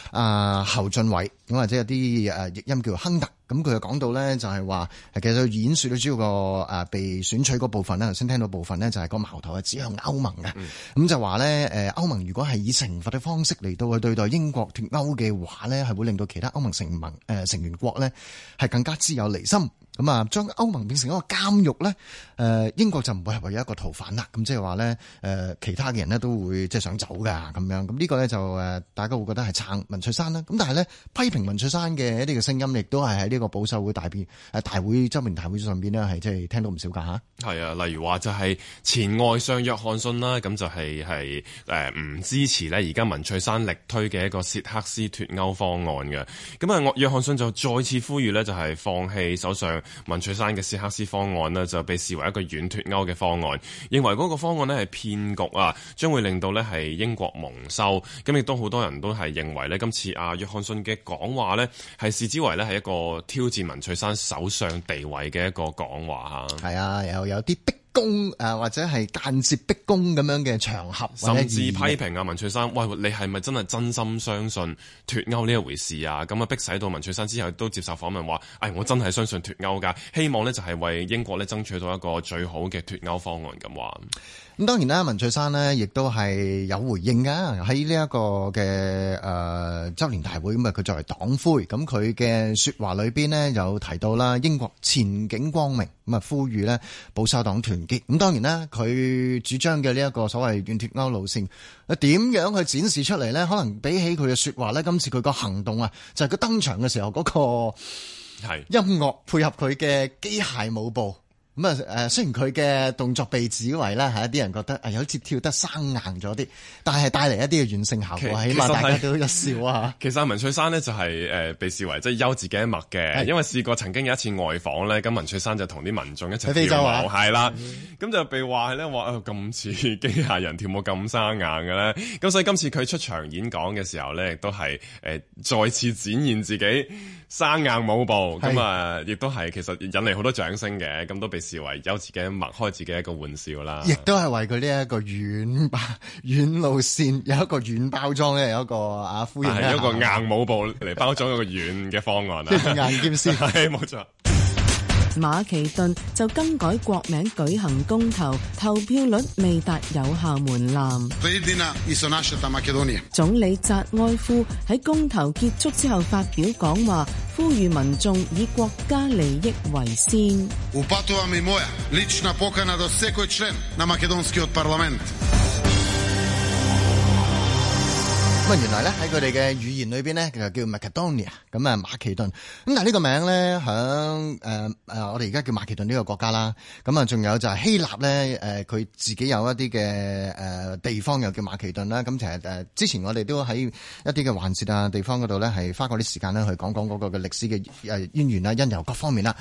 啊侯俊偉咁或者有啲誒譯音叫亨特。咁佢又講到咧，就係話，其實演説咗主要個誒被選取嗰部分咧，頭先聽到部分咧，就係、是、個矛頭係指向歐盟嘅。咁、嗯、就話咧，誒歐盟如果係以懲罰嘅方式嚟到去對待英國脱歐嘅話咧，係會令到其他歐盟成盟誒成員國咧係更加之有離心。咁啊，將歐盟變成一個監獄咧，誒英國就唔會係唯有一個逃犯啦。咁即係話咧，誒其他嘅人咧都會即係想走噶咁樣。咁呢個咧就大家就會覺得係撐文翠山啦。咁但係咧，批評文翠山嘅一啲嘅聲音，亦都係喺呢個保守會大變大會周年大會上面呢，係即係聽到唔少噶嚇。係啊，例如話就係前外相約翰遜啦，咁就係係誒唔支持咧，而家文翠山力推嘅一個薛克斯脱歐方案嘅。咁啊，約翰遜就再次呼籲呢，就係放棄首相。文翠山嘅斯克斯方案咧，就被視為一個軟脱歐嘅方案，認為嗰個方案咧係騙局啊，將會令到咧係英國蒙羞。咁亦都好多人都係認為呢，今次阿約翰遜嘅講話咧，係視之為咧係一個挑戰文翠山首相地位嘅一個講話嚇。係啊，又有啲逼。公誒，或者係間接逼供咁樣嘅場合，甚至批評啊，文翠珊，喂，你係咪真係真心相信脱歐呢一回事啊？咁啊，逼使到文翠珊之後都接受訪問話，唉、哎，我真係相信脱歐㗎，希望呢就係為英國呢爭取到一個最好嘅脱歐方案咁話。咁當然啦，文翠珊呢亦都係有回應㗎。喺呢一個嘅誒、呃、周年大會咁啊，佢作為黨魁，咁佢嘅說話裏邊呢，有提到啦，英國前景光明，咁啊，呼籲呢保守黨團結。咁當然啦，佢主張嘅呢一個所謂軟脱歐路線，點樣去展示出嚟呢？可能比起佢嘅說話呢，今次佢個行動啊，就係佢登場嘅時候嗰個係音樂配合佢嘅機械舞步。咁啊，誒、嗯、雖然佢嘅動作被指為咧，係一啲人覺得啊，有、哎、次跳得生硬咗啲，但係帶嚟一啲嘅軟性效果，其起碼大家都有笑吓。啊、其實文翠珊呢，就係、是、誒被視為即係優子一默嘅，是的 因為試過曾經有一次外訪咧，咁文翠珊就同啲民眾一齊跳舞，喺非洲啊，係啦，咁的的就被話係咧，話咁似機械人跳舞咁生硬嘅咧，咁所以今次佢出場演講嘅時候咧，亦都係誒再次展現自己。生硬舞步咁啊，亦都係其實引嚟好多掌聲嘅，咁都被視為有自己擘開自己一個玩笑啦。亦都係為佢呢一個軟包、軟路線有一個軟包裝咧，有一個啊，敷衍一個硬舞步嚟包裝一個軟嘅方案啊， 硬兼施。係冇錯。馬其頓就更改國名舉行公投，投票率未達有效門檻。總理扎埃夫喺公投結束之後發表講話，呼籲民眾以國家利益為先。咁啊，原來咧喺佢哋嘅語言裏邊咧，佢就叫 m a d Macedonia 咁啊，馬其頓。咁但係呢個名咧，響、呃、誒我哋而家叫馬其頓呢個國家啦。咁啊，仲有就係希臘咧，誒、呃、佢自己有一啲嘅誒地方又叫馬其頓啦。咁其實誒，之前我哋都喺一啲嘅環節啊地方嗰度咧，係花過啲時間咧去講講嗰個嘅歷史嘅誒淵源啊，因由各方面啦。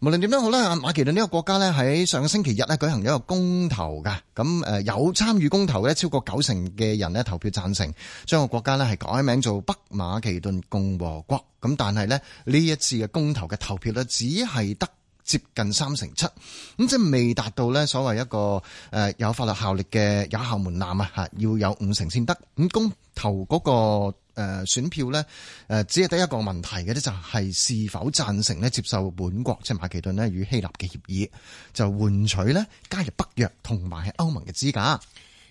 無論點樣好啦，馬其頓呢個國家咧喺上個星期日咧舉行咗一個公投㗎。咁誒，有參與公投咧超過九成嘅人呢投票，贊成將個國家呢係改名做北馬其頓共和國，咁但係呢呢一次嘅公投嘅投票呢只係得接近三成七，咁即係未達到呢所謂一個誒有法律效力嘅有效門檻啊吓，要有五成先得，咁公投嗰個。誒選票咧，誒只係得一個問題嘅咧，就係、是、是否贊成咧接受本國即係馬其頓咧與希臘嘅協議，就換取咧加入北約同埋歐盟嘅資格。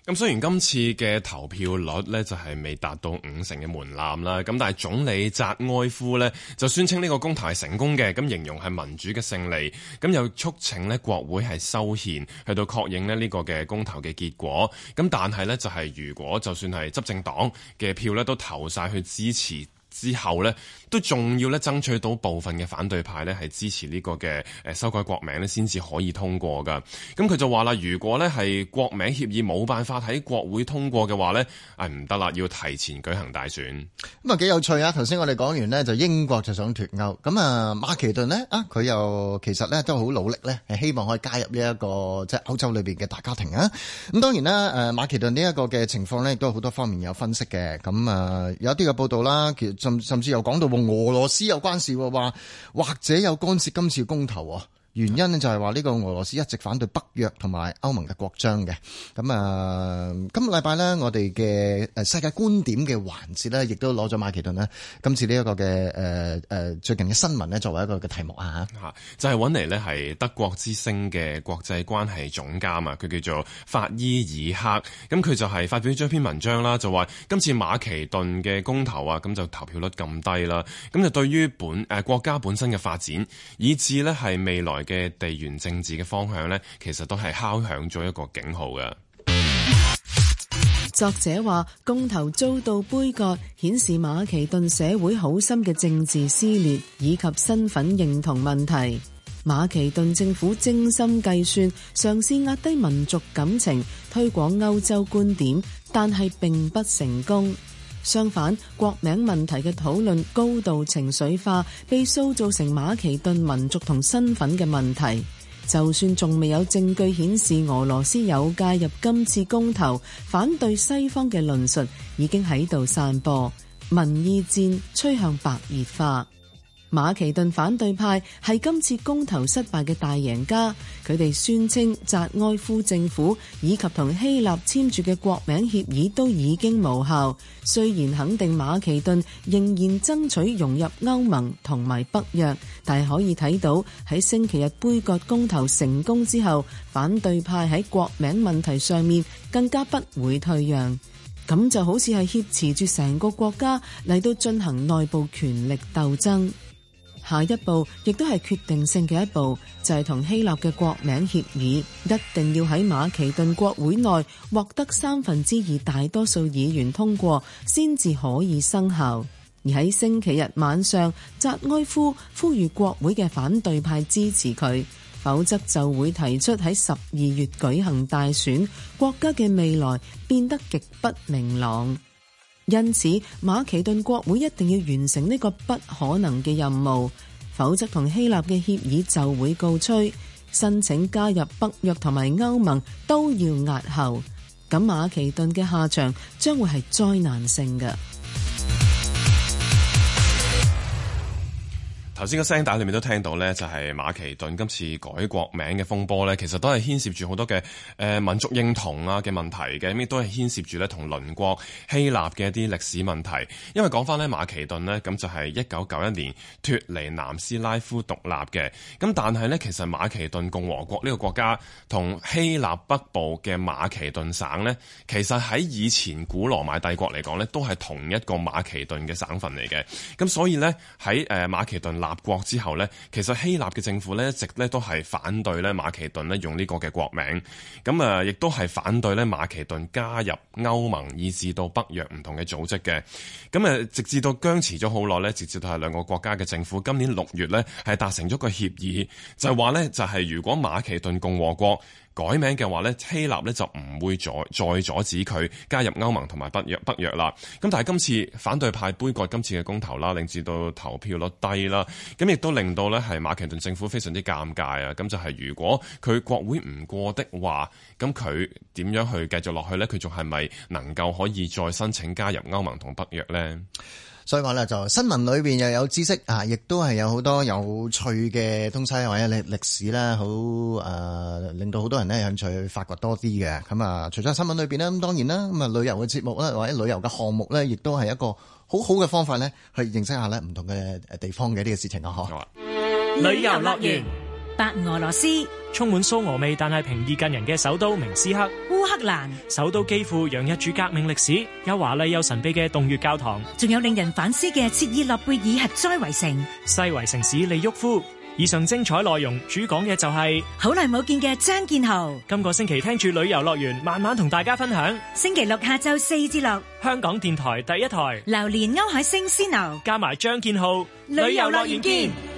咁雖然今次嘅投票率呢就係、是、未達到五成嘅門檻啦，咁但係總理扎埃夫呢就宣稱呢個公投係成功嘅，咁形容係民主嘅勝利，咁又促請呢國會係修憲去到確認呢個嘅公投嘅結果，咁但係呢就係、是、如果就算係執政黨嘅票呢都投晒去支持之後呢。都仲要咧，爭取到部分嘅反對派咧係支持呢個嘅誒修改國名咧，先至可以通過噶，咁佢就話啦，如果咧係國名協議冇辦法喺國會通過嘅話咧，誒唔得啦，要提前舉行大選。咁啊幾有趣啊！頭先我哋講完咧，就英國就想脫歐，咁啊馬其頓咧啊，佢又其實咧都好努力咧，係希望可以加入呢一個即係歐洲裏邊嘅大家庭啊。咁當然啦，誒馬其頓呢一個嘅情況咧，亦都好多方面有分析嘅。咁啊有啲嘅報道啦，甚甚至又講到。俄羅斯有關事話，或者有干涉今次的公投啊！原因咧，就係話呢個俄羅斯一直反對北約同埋歐盟嘅擴張嘅。咁、呃、啊，今個禮拜咧，我哋嘅誒世界觀點嘅環節咧，亦都攞咗馬其頓咧今次呢、這、一個嘅誒誒最近嘅新聞咧，作為一個嘅題目啊吓、嗯，就係搵嚟咧，係德國之聲嘅國際關係總監啊，佢叫做法伊爾克。咁佢就係發表咗一篇文章啦，就話今次馬其頓嘅公投啊，咁就投票率咁低啦，咁就對於本誒、呃、國家本身嘅發展，以至咧係未來。嘅地緣政治嘅方向呢，其實都係敲響咗一個警號嘅。作者話，公投遭到杯葛，顯示馬其頓社會好深嘅政治撕裂以及身份認同問題。馬其頓政府精心計算，嘗試壓低民族感情，推廣歐洲觀點，但係並不成功。相反，國名問題嘅討論高度情緒化，被塑造成馬其頓民族同身份嘅問題。就算仲未有證據顯示俄羅斯有介入今次公投，反對西方嘅論述已經喺度散播，民意戰趨向白熱化。馬其頓反對派係今次公投失敗嘅大贏家，佢哋宣稱扎埃夫政府以及同希臘簽署嘅國名協議都已經無效。雖然肯定馬其頓仍然爭取融入歐盟同埋北約，但係可以睇到喺星期日杯葛公投成功之後，反對派喺國名問題上面更加不會退讓，咁就好似係挾持住成個國家嚟到進行內部權力鬥爭。下一步亦都係決定性嘅一步，就係同希臘嘅國名協議，一定要喺馬其頓國會內獲得三分之二大多數議員通過，先至可以生效。而喺星期日晚上，扎埃夫呼籲國會嘅反對派支持佢，否則就會提出喺十二月舉行大選，國家嘅未來變得極不明朗。因此，馬其頓國會一定要完成呢個不可能嘅任務，否則同希臘嘅協議就會告吹，申請加入北約同埋歐盟都要押後。咁馬其頓嘅下場將會係災難性嘅。頭先個聲帶裏面都聽到呢就係馬其頓今次改國名嘅風波呢，其實都係牽涉住好多嘅民族認同啊嘅問題嘅，亦都係牽涉住呢同鄰國希臘嘅一啲歷史問題。因為講翻呢，馬其頓呢，咁就係一九九一年脫離南斯拉夫獨立嘅。咁但係呢，其實馬其頓共和國呢個國家同希臘北部嘅馬其頓省呢，其實喺以前古羅馬帝國嚟講呢，都係同一個馬其頓嘅省份嚟嘅。咁所以呢，喺馬其頓南立國之後呢，其實希臘嘅政府呢，一直呢都係反對咧馬其頓呢用呢個嘅國名，咁啊，亦都係反對咧馬其頓加入歐盟，以至到北約唔同嘅組織嘅，咁啊，直至到僵持咗好耐呢，直至到係兩個國家嘅政府今年六月呢，係達成咗個協議，就係話呢，就係如果馬其頓共和國改名嘅話呢，希臘呢就唔會再阻止佢加入歐盟同埋北約北約啦。咁但係今次反對派杯葛今次嘅公投啦，令至到投票率低啦，咁亦都令到呢，係馬其頓政府非常之尷尬啊！咁就係如果佢國會唔過的話，咁佢點樣去繼續落去呢？佢仲係咪能夠可以再申請加入歐盟同北約呢？所以話咧，就新聞裏邊又有知識啊，亦都係有好多有趣嘅東西，或者歷歷史啦，好誒、呃，令到好多人咧興趣去發掘多啲嘅。咁啊，除咗新聞裏邊咧，咁當然啦，咁啊旅遊嘅節目啦，或者旅遊嘅項目咧，亦都係一個好好嘅方法咧，去認識下咧唔同嘅誒地方嘅一啲嘅事情啊，嗬吧。旅遊樂園。白俄羅斯充滿蘇俄味，但係平易近人嘅首都明斯克。烏克蘭首都幾乎洋溢住革命歷史，有華麗又神秘嘅洞穴教堂，仲有令人反思嘅切爾諾貝爾核災圍城。西圍城市利沃夫。以上精彩內容，主講嘅就係好耐冇見嘅張建豪。今個星期聽住旅遊樂園，慢慢同大家分享。星期六下晝四至六，香港電台第一台。流連歐海星，先牛加埋張建豪，旅遊樂園見。見。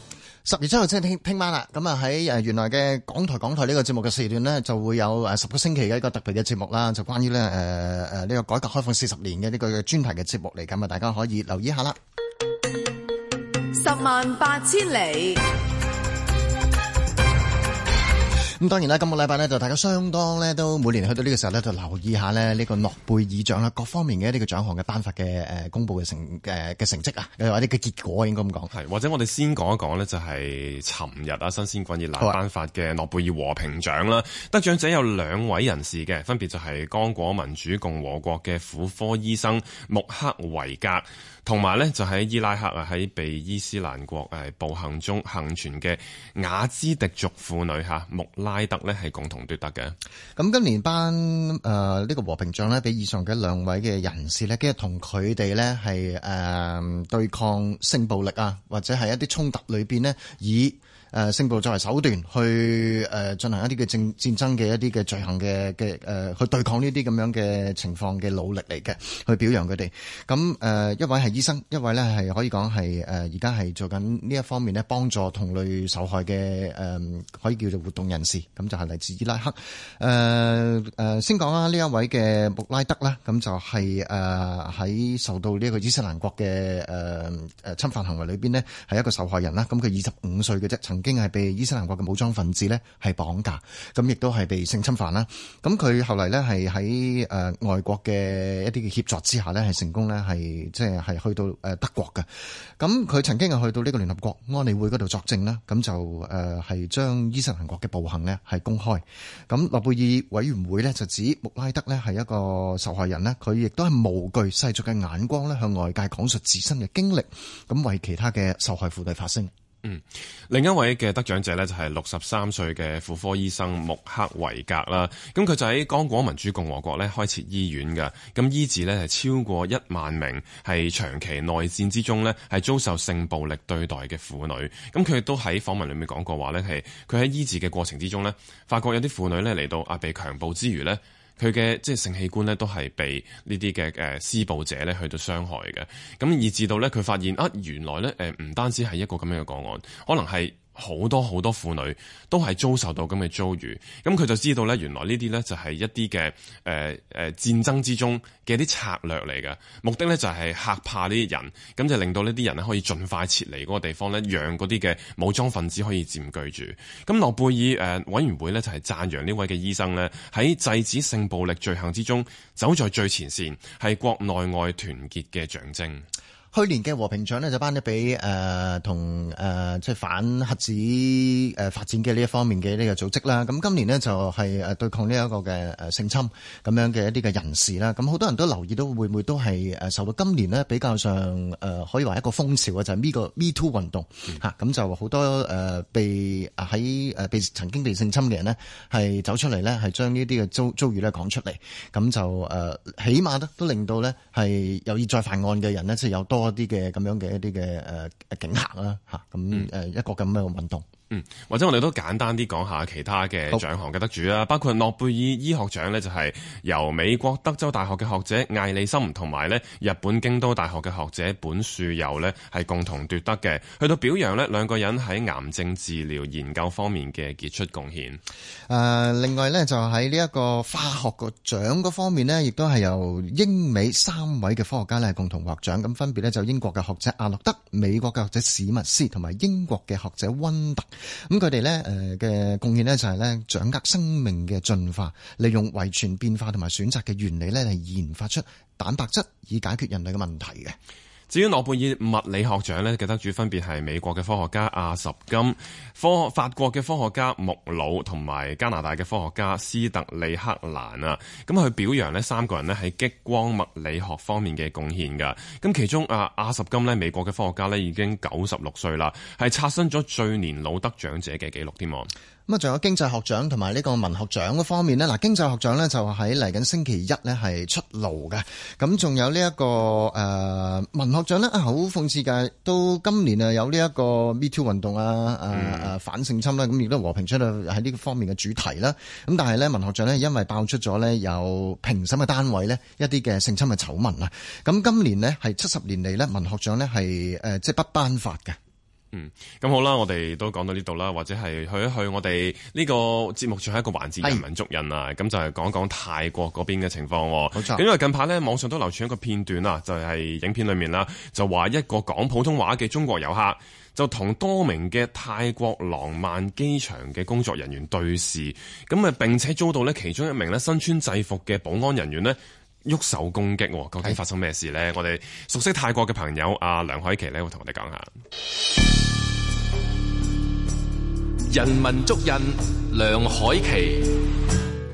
十月七號即係聽聽晚啦，咁啊喺誒原來嘅港台港台呢個節目嘅時段咧，就會有誒十個星期嘅一個特別嘅節目啦，就關於咧誒誒呢個改革開放四十年嘅呢個專題嘅節目嚟咁嘛，大家可以留意下啦。十萬八千里。咁當然啦，今個禮拜呢，就大家相當咧都每年去到呢個時候咧，就留意一下呢呢個諾貝爾獎啦，各方面嘅呢個獎項嘅頒發嘅公佈嘅成誒嘅、呃、成績啊，或者嘅結果應該咁講。係或者我哋先講一講呢，就係尋日啊，新鮮滾熱辣頒發嘅諾貝爾和平獎啦。啊、得獎者有兩位人士嘅，分別就係剛果民主共和國嘅婦科醫生穆克維格，同埋呢就喺伊拉克啊喺被伊斯蘭國誒暴行中幸存嘅雅茲迪族婦女嚇穆拉，拉德咧係共同奪得嘅，咁今年頒誒呢個和平獎咧，俾以上嘅兩位嘅人士咧，跟住同佢哋咧係誒對抗性暴力啊，或者係一啲衝突裏邊咧以。誒聲、呃、部作為手段去誒、呃、進行一啲嘅政戰爭嘅一啲嘅罪行嘅嘅、呃、去對抗呢啲咁樣嘅情況嘅努力嚟嘅，去表揚佢哋。咁誒、呃、一位係醫生，一位呢係可以講係誒而家係做緊呢一方面呢幫助同類受害嘅誒、呃、可以叫做活動人士。咁就係嚟自伊拉克。誒、呃、先講啦呢一位嘅穆拉德啦，咁就係誒喺受到呢個伊斯蘭國嘅誒、呃、侵犯行為裏面呢，係一個受害人啦。咁佢二十五歲嘅啫，曾。曾經係被伊斯蘭國嘅武裝分子咧係綁架，咁亦都係被性侵犯啦。咁佢後嚟咧係喺誒外國嘅一啲嘅協助之下咧係成功咧係即係係去到誒德國嘅。咁佢曾經係去到呢個聯合國安理會嗰度作證啦。咁就誒係將伊斯蘭國嘅暴行咧係公開。咁諾貝爾委員會咧就指穆拉德咧係一個受害人咧，佢亦都係無懼世俗嘅眼光咧向外界講述自身嘅經歷，咁為其他嘅受害婦女發聲。嗯，另一位嘅得獎者呢，就係六十三歲嘅婦科醫生穆克維格啦，咁佢就喺剛果民主共和國呢開設醫院嘅，咁醫治呢，係超過一萬名係長期內戰之中呢，係遭受性暴力對待嘅婦女，咁佢都喺訪問裏面講過話呢係佢喺醫治嘅過程之中呢，發覺有啲婦女呢，嚟到阿被強暴之餘呢。佢嘅即係性器官咧，都係被呢啲嘅誒施暴者咧去到傷害嘅，咁以致到咧佢發現啊，原來咧誒唔單止係一個咁樣嘅個案，可能係。好多好多婦女都係遭受到咁嘅遭遇，咁佢就知道咧，原來呢啲咧就係一啲嘅、呃呃、戰爭之中嘅一啲策略嚟嘅，目的咧就係嚇怕呢啲人，咁就令到呢啲人咧可以盡快撤離嗰個地方咧，讓嗰啲嘅武裝分子可以佔據住。咁諾貝爾、呃、委員會咧就係讚揚呢位嘅醫生咧喺制止性暴力罪行之中走在最前線，係國內外團結嘅象徵。去年嘅和平獎咧就頒咗俾誒同誒即係反核子誒發展嘅呢一方面嘅呢個組織啦，咁今年咧就係、是、誒對抗呢一個嘅誒性侵咁樣嘅一啲嘅人士啦，咁好多人都留意到會唔會都係誒受到今年咧比較上誒、呃、可以話一個風潮、就是嗯、啊，就係呢個 Me Too 運動吓咁就好多誒、呃、被喺誒被曾經被性侵嘅人咧係走出嚟咧係將呢啲嘅遭遭遇咧講出嚟，咁就誒、呃、起碼咧都令到咧係有意再犯案嘅人咧即係有多。多啲嘅咁樣嘅一啲嘅誒誒，警吓啦吓，咁誒一個咁樣嘅運動。嗯嗯，或者我哋都簡單啲講下其他嘅獎項嘅得主啦，好包括諾貝爾醫學獎呢，就係由美國德州大學嘅學者艾利森同埋呢日本京都大學嘅學者本庶佑呢，係共同奪得嘅，去到表揚呢，兩個人喺癌症治療研究方面嘅傑出貢獻。誒、呃，另外呢，就喺呢一個化學個獎嗰方面呢，亦都係由英美三位嘅科學家呢，共同獲獎，咁分別呢，就英國嘅學者阿諾德、美國嘅學者史密斯同埋英國嘅學者溫特。咁佢哋咧，誒嘅貢獻咧就係咧掌握生命嘅進化，利用遺傳變化同埋選擇嘅原理咧，係研發出蛋白質以解決人類嘅問題嘅。至於諾貝爾物理學獎咧，嘅得主分別係美國嘅科學家阿什金、科法國嘅科學家穆魯同埋加拿大嘅科學家斯特里克蘭啊。咁佢表揚呢三個人咧，喺激光物理學方面嘅貢獻㗎。咁其中啊，阿什金呢，美國嘅科學家呢已經九十六歲啦，係刷新咗最年老得獎者嘅記錄添喎。咁啊，仲有經濟學獎同埋呢個文學獎嗰方面咧，嗱經濟學獎咧就喺嚟緊星期一咧係出爐嘅。咁仲有呢、這、一個誒、呃、文學獎咧，啊好諷刺嘅，到今年啊有呢一個 Me Too 運動啊，誒、呃、誒反性侵啦，咁亦都和平出喺呢個方面嘅主題啦，咁但係咧文學獎咧因為爆出咗咧有評審嘅單位咧一啲嘅性侵嘅醜聞啊，咁今年咧係七十年嚟咧文學獎咧係誒即係不頒發嘅。嗯，咁好啦，我哋都講到呢度啦，或者係去一去我哋呢個節目，仲係一個環節，人民族人啊，咁是就係講講泰國嗰邊嘅情況。咁錯因為近排呢，網上都流傳一個片段啦，就係、是、影片裏面啦，就話一個講普通話嘅中國遊客就同多名嘅泰國廊曼機場嘅工作人員對視，咁啊，並且遭到呢其中一名呢身穿制服嘅保安人員呢，喐手攻擊，究竟發生咩事呢？是我哋熟悉泰國嘅朋友阿梁海琪呢會同我哋講下。人民足印，梁海琪。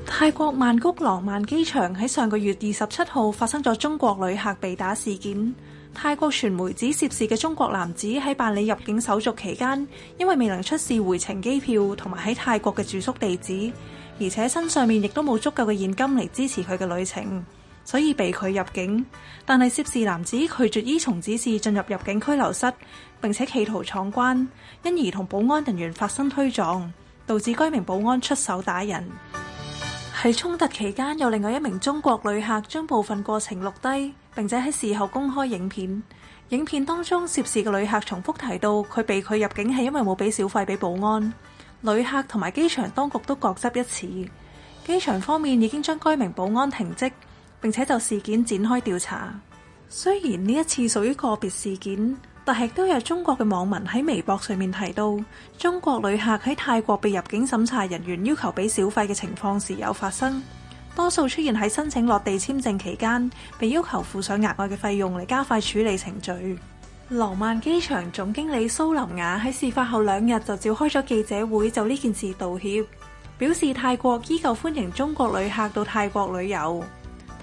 泰國曼谷廊曼機場喺上個月二十七號發生咗中國旅客被打事件。泰國傳媒指涉事嘅中國男子喺辦理入境手續期間，因為未能出示回程機票，同埋喺泰國嘅住宿地址，而且身上面亦都冇足夠嘅現金嚟，支持佢嘅旅程。所以被拒入境，但係涉事男子拒絕依從指示進入入境拘留室，並且企圖闖關，因而同保安人員發生推撞，導致該名保安出手打人。喺衝突期間，有另外一名中國旅客將部分過程錄低，並且喺事後公開影片。影片當中涉事嘅旅客重複提到佢被拒入境係因為冇俾小費俾保安。旅客同埋機場當局都各執一詞。機場方面已經將該名保安停職。並且就事件展開調查。雖然呢一次屬於個別事件，但係都有中國嘅網民喺微博上面提到，中國旅客喺泰國被入境審查人員要求俾小費嘅情況時有發生，多數出現喺申請落地簽證期間，被要求付上額外嘅費用嚟加快處理程序。羅曼機場總經理蘇林雅喺事發後兩日就召開咗記者會，就呢件事道歉，表示泰國依舊歡迎中國旅客到泰國旅遊。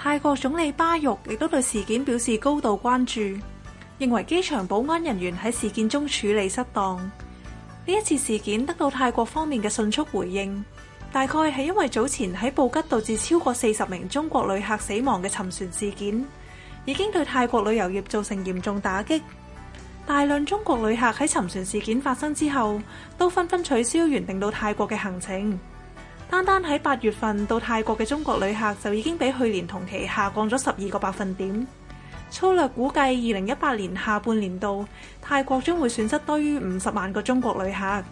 泰國總理巴育亦都對事件表示高度關注，認為機場保安人員喺事件中處理失當。呢一次事件得到泰國方面嘅迅速回應，大概係因為早前喺布吉導致超過四十名中國旅客死亡嘅沉船事件，已經對泰國旅遊業造成嚴重打擊。大量中國旅客喺沉船事件發生之後，都紛紛取消原定到泰國嘅行程。單單喺八月份到泰國嘅中國旅客就已經比去年同期下降咗十二個百分點。粗略估計，二零一八年下半年度，泰國將會損失多於五十萬個中國旅客。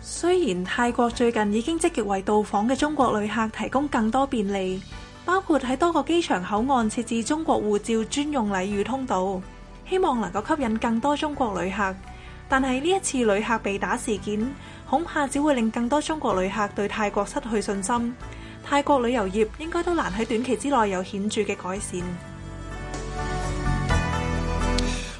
雖然泰國最近已經積極為到訪嘅中國旅客提供更多便利，包括喺多個機場口岸設置中國護照專用禮遇通道，希望能夠吸引更多中國旅客，但係呢一次旅客被打事件，恐怕只會令更多中國旅客對泰國失去信心，泰國旅遊業應該都難喺短期之內有顯著嘅改善。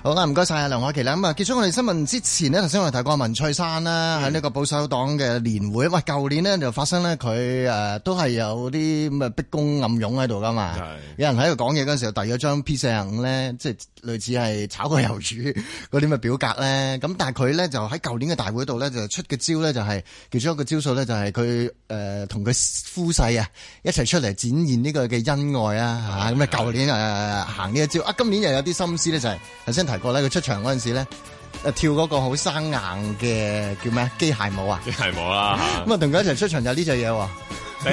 好啦，唔該晒，啊，梁海琪啦，咁、嗯、啊結束我哋新聞之前呢頭先我哋提過文翠珊啦，喺呢、嗯、個保守黨嘅年會，喂、哎，舊年呢就發生對呢，佢誒都係有啲咁嘅逼宮暗湧喺度噶嘛，有人喺度講嘢嗰陣時候，遞咗張 P 四零五咧，即係。類似係炒個魷魚嗰啲咪表格咧，咁但係佢咧就喺舊年嘅大會度咧就出嘅招咧就係其中一個招數咧就係佢誒同佢夫婿啊一齊出嚟展現呢個嘅恩愛啊嚇，咁啊舊年誒是是 行呢一招啊，今年又有啲心思咧就係頭先提過咧佢出場嗰陣時咧誒跳嗰個好生硬嘅叫咩啊機械舞啊機械舞啦，嚇，咁啊同佢 一齊出場就係呢隻嘢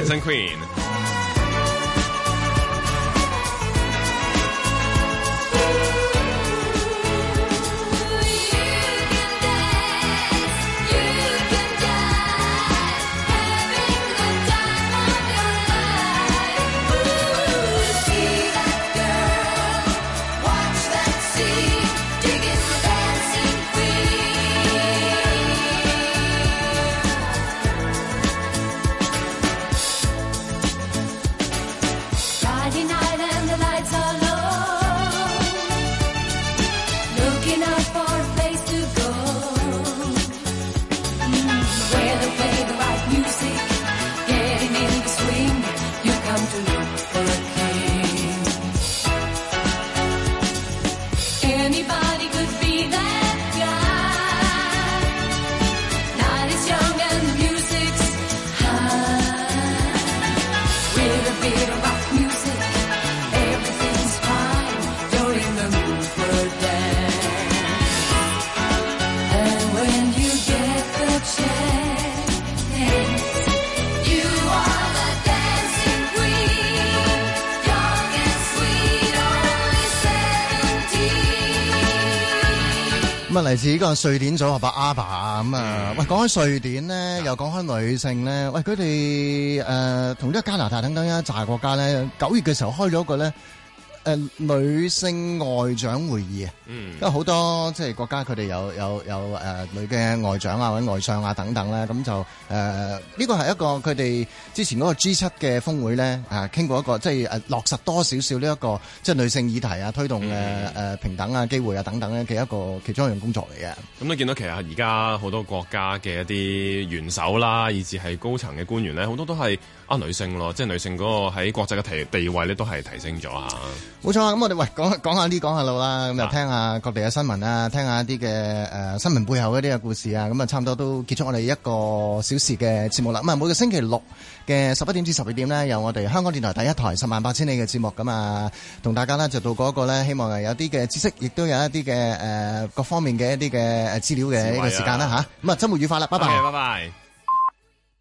喎。似呢個瑞典組合阿巴咁啊！喂、嗯，講開瑞典咧，又講開女性咧，喂佢哋誒同啲加拿大等等一紮國家咧，九月嘅時候開咗一個咧。誒、呃、女性外長會議啊，因為好多即係國家佢哋有有有誒女嘅外長啊、或者外相啊等等咧，咁就誒呢個係一個佢哋之前嗰個 G 七嘅峰會咧啊，傾過一個即係、就是啊、落實多少少呢一、這個即係、就是、女性議題啊、推動、啊嗯啊、平等啊、機會啊等等咧嘅一個其中一樣工作嚟嘅。咁你見到其實而家好多國家嘅一啲元首啦，以至係高層嘅官員咧，好多都係。啊、女性咯，即係女性嗰個喺國際嘅地位咧，都係提升咗嚇。冇錯下下啊！咁我哋喂，講講下啲講下路啦，咁就聽下各地嘅新聞啦，聽一下啲嘅誒新聞背後嗰啲嘅故事啊。咁啊，差唔多都結束我哋一個小時嘅節目啦。咁啊，每個星期六嘅十一點至十二點呢，有我哋香港電台第一台十萬八千里嘅節目咁啊，同大家呢就到嗰個呢，希望係有啲嘅知識，亦都有一啲嘅誒各方面嘅一啲嘅資料嘅呢個時間啦吓，咁啊，周末愉快啦，拜拜，拜拜、okay,。